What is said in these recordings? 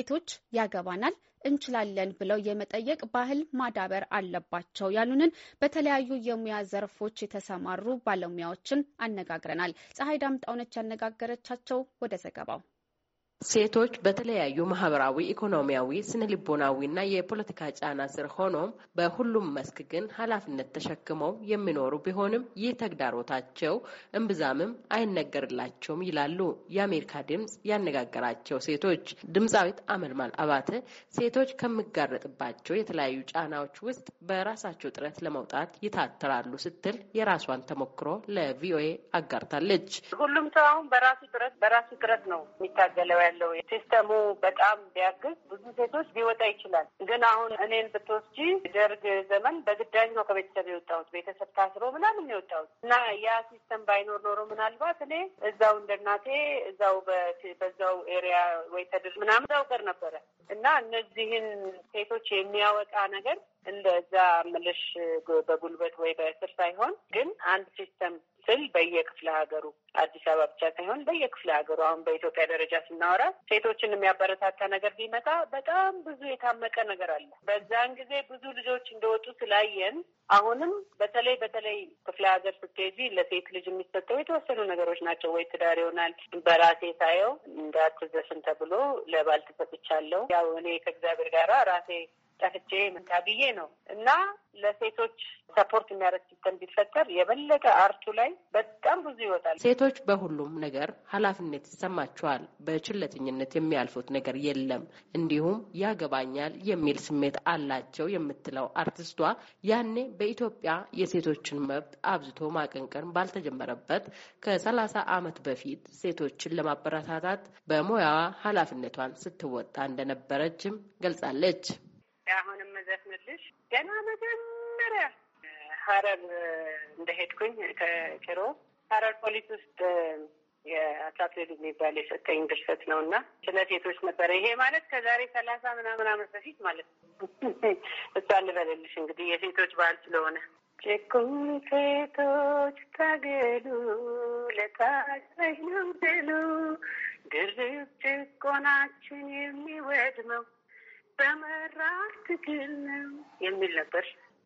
ሴቶች ያገባናል እንችላለን ብለው የመጠየቅ ባህል ማዳበር አለባቸው ያሉንን በተለያዩ የሙያ ዘርፎች የተሰማሩ ባለሙያዎችን አነጋግረናል። ፀሐይ ዳምጣውነች ያነጋገረቻቸው ወደ ዘገባው ሴቶች በተለያዩ ማህበራዊ፣ ኢኮኖሚያዊ፣ ስነ ልቦናዊና የፖለቲካ ጫና ስር ሆኖም በሁሉም መስክ ግን ኃላፊነት ተሸክመው የሚኖሩ ቢሆንም ይህ ተግዳሮታቸው እምብዛምም አይነገርላቸውም ይላሉ የአሜሪካ ድምጽ ያነጋገራቸው ሴቶች። ድምፃዊት አመልማል አባተ ሴቶች ከሚጋረጥባቸው የተለያዩ ጫናዎች ውስጥ በራሳቸው ጥረት ለመውጣት ይታተራሉ ስትል የራሷን ተሞክሮ ለቪኦኤ አጋርታለች። ሁሉም ሰው አሁን በራሱ ጥረት በራሱ ጥረት ነው የሚታገለው ያለው ሲስተሙ በጣም ቢያግዝ ብዙ ሴቶች ሊወጣ ይችላል። ግን አሁን እኔን ብትወስጂ ደርግ ዘመን በግዳጅ ነው ከቤተሰብ የወጣሁት፣ ቤተሰብ ታስሮ ምናምን የወጣሁት እና ያ ሲስተም ባይኖር ኖሮ ምናልባት እኔ እዛው እንደ እናቴ እዛው በዛው ኤሪያ ወይ ተድር ምናምን እዛው ቀር ነበረ እና እነዚህን ሴቶች የሚያወጣ ነገር እንደዛ ምልሽ በጉልበት ወይ በእስር ሳይሆን ግን አንድ ሲስተም ስል በየክፍለ ሀገሩ አዲስ አበባ ብቻ ሳይሆን በየክፍለ ሀገሩ አሁን በኢትዮጵያ ደረጃ ስናወራ ሴቶችን የሚያበረታታ ነገር ቢመጣ በጣም ብዙ የታመቀ ነገር አለ። በዛን ጊዜ ብዙ ልጆች እንደወጡ ስላየን አሁንም በተለይ በተለይ ክፍለ ሀገር ስትሄጂ ለሴት ልጅ የሚሰጠው የተወሰኑ ነገሮች ናቸው። ወይ ትዳር ይሆናል። በራሴ ሳየው እንዳትዘፍን ተብሎ ለባል ተሰጥቻለሁ። ያው እኔ ከእግዚአብሔር ጋራ ራሴ ጠፍቼ ምንታ ብዬ ነው እና ለሴቶች ሰፖርት የሚያደርግ ሲስተም ቢፈጠር የበለጠ አርቱ ላይ በጣም ብዙ ይወጣል። ሴቶች በሁሉም ነገር ኃላፊነት ይሰማቸዋል። በችለተኝነት የሚያልፉት ነገር የለም። እንዲሁም ያገባኛል የሚል ስሜት አላቸው የምትለው አርቲስቷ ያኔ በኢትዮጵያ የሴቶችን መብት አብዝቶ ማቀንቀን ባልተጀመረበት ከሰላሳ ዓመት በፊት ሴቶችን ለማበረታታት በሙያዋ ኃላፊነቷን ስትወጣ እንደነበረችም ገልጻለች። አሁንም መዘፍንልሽ ገና መጀመሪያ ሀረር እንደሄድኩኝ ከጭሮ ሀረር ፖሊስ ውስጥ የአትሌት የሚባል የሰጠኝ ድርሰት ነው እና ስለ ሴቶች ነበረ። ይሄ ማለት ከዛሬ ሰላሳ ምናምን አመት በፊት ማለት ነው። እሷ እንበልልሽ እንግዲህ የሴቶች በዓል ስለሆነ ጭቁን ሴቶች ታገሉ፣ ለታች ነው ብሉ ድርብ ጭቆናችን የሚወድመው በመራር ትግል የሚል ነበር።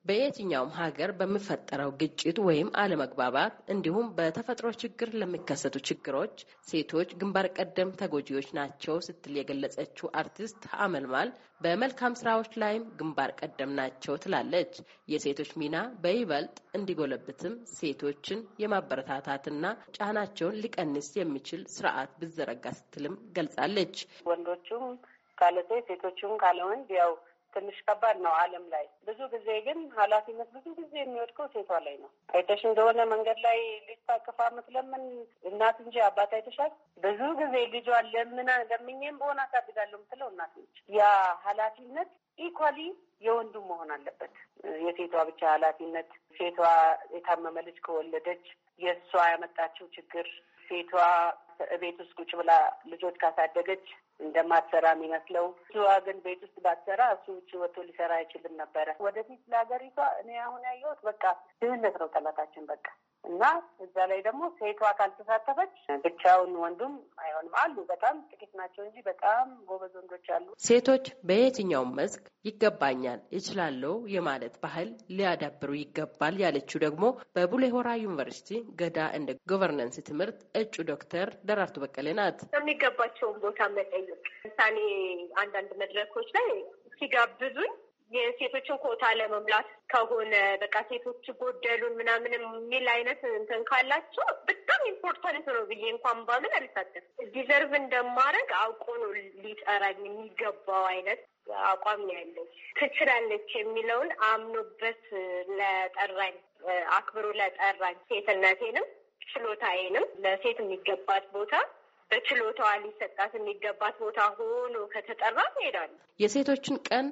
በየትኛውም ሀገር በሚፈጠረው ግጭት ወይም አለመግባባት እንዲሁም በተፈጥሮ ችግር ለሚከሰቱ ችግሮች ሴቶች ግንባር ቀደም ተጎጂዎች ናቸው ስትል የገለጸችው አርቲስት አመልማል በመልካም ስራዎች ላይም ግንባር ቀደም ናቸው ትላለች። የሴቶች ሚና በይበልጥ እንዲጎለብትም ሴቶችን የማበረታታትና ጫናቸውን ሊቀንስ የሚችል ስርዓት ብዘረጋ ስትልም ገልጻለች። ወንዶቹም ካለ ሴት ሴቶችም ካለ ወንድ ያው ትንሽ ከባድ ነው ዓለም ላይ ብዙ ጊዜ ግን ኃላፊነት ብዙ ጊዜ የሚወድቀው ሴቷ ላይ ነው። አይተሽ እንደሆነ መንገድ ላይ ልጅ ታቅፋ ምትለምን እናት እንጂ አባት አይተሻል። ብዙ ጊዜ ልጇን ለምና ለምኝም በሆነ አሳድጋለሁ ምትለው እናት ነች። ያ ኃላፊነት ኢኳሊ የወንዱ መሆን አለበት። የሴቷ ብቻ ኃላፊነት ሴቷ የታመመ ልጅ ከወለደች የእሷ ያመጣችው ችግር ሴቷ ቤት ውስጥ ቁጭ ብላ ልጆች ካሳደገች እንደማትሰራ የሚመስለው እሷ ግን ቤት ውስጥ ባትሰራ እሱ ውጭ ወጥቶ ሊሰራ አይችልም ነበረ። ወደፊት ለሀገሪቷ እኔ አሁን ያየሁት በቃ ድህነት ነው ጠላታችን በቃ እና እዛ ላይ ደግሞ ሴቷ ካልተሳተፈች ብቻውን ወንዱም አይሆንም። አሉ በጣም ጥቂት ናቸው እንጂ በጣም ጎበዝ ወንዶች አሉ። ሴቶች በየትኛውም መስክ ይገባኛል፣ እችላለሁ የማለት ባህል ሊያዳብሩ ይገባል ያለችው ደግሞ በቡሌሆራ ዩኒቨርሲቲ ገዳ እንደ ጎቨርነንስ ትምህርት እጩ ዶክተር ደራርቱ በቀሌ ናት። የሚገባቸውን ቦታ መጠየቅ ምሳሌ አንዳንድ መድረኮች ላይ ሲጋብዙኝ የሴቶችን ኮታ ለመሙላት ከሆነ በቃ ሴቶች ጎደሉን ምናምን የሚል አይነት እንትን ካላቸው በጣም ኢምፖርታንት ነው ብዬ እንኳን ባምን አልሳተፍም። ዲዘርቭ እንደማረግ አውቆ ነው ሊጠራኝ የሚገባው አይነት አቋም ነው ትችላለች የሚለውን አምኖበት ለጠራኝ አክብሮ ለጠራኝ ሴትነቴንም ችሎታዬንም ለሴት የሚገባት ቦታ በችሎታዋ ሊሰጣት የሚገባት ቦታ ሆኖ ከተጠራ ይሄዳሉ የሴቶችን ቀን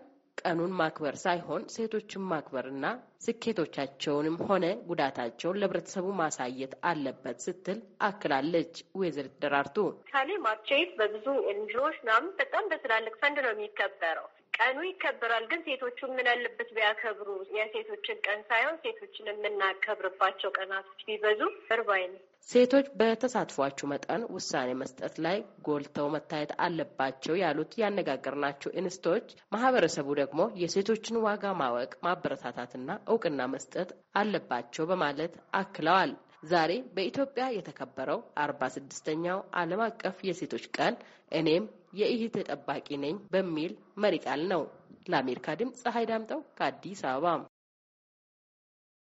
ቀኑን ማክበር ሳይሆን ሴቶችን ማክበርና ስኬቶቻቸውንም ሆነ ጉዳታቸውን ለህብረተሰቡ ማሳየት አለበት ስትል አክላለች። ወይዘሪት ደራርቱ ካሌ ማርቼት በብዙ ኤንጂኦዎች ምናምን በጣም በትላልቅ ፈንድ ነው የሚከበረው። ቀኑ ይከበራል፣ ግን ሴቶቹ ምን አለበት ቢያከብሩ? የሴቶችን ቀን ሳይሆን ሴቶችን የምናከብርባቸው ቀናቶች ቢበዙ እርባይ ነው። ሴቶች በተሳትፏችሁ መጠን ውሳኔ መስጠት ላይ ጎልተው መታየት አለባቸው ያሉት ያነጋገርናቸው እንስቶች፣ ማህበረሰቡ ደግሞ የሴቶችን ዋጋ ማወቅ ማበረታታትና እውቅና መስጠት አለባቸው በማለት አክለዋል። ዛሬ በኢትዮጵያ የተከበረው አርባ ስድስተኛው ዓለም አቀፍ የሴቶች ቀን እኔም የይህ ተጠባቂ ነኝ በሚል መሪ ቃል ነው። ለአሜሪካ ድምፅ ፀሐይ ዳምጠው ከአዲስ አበባ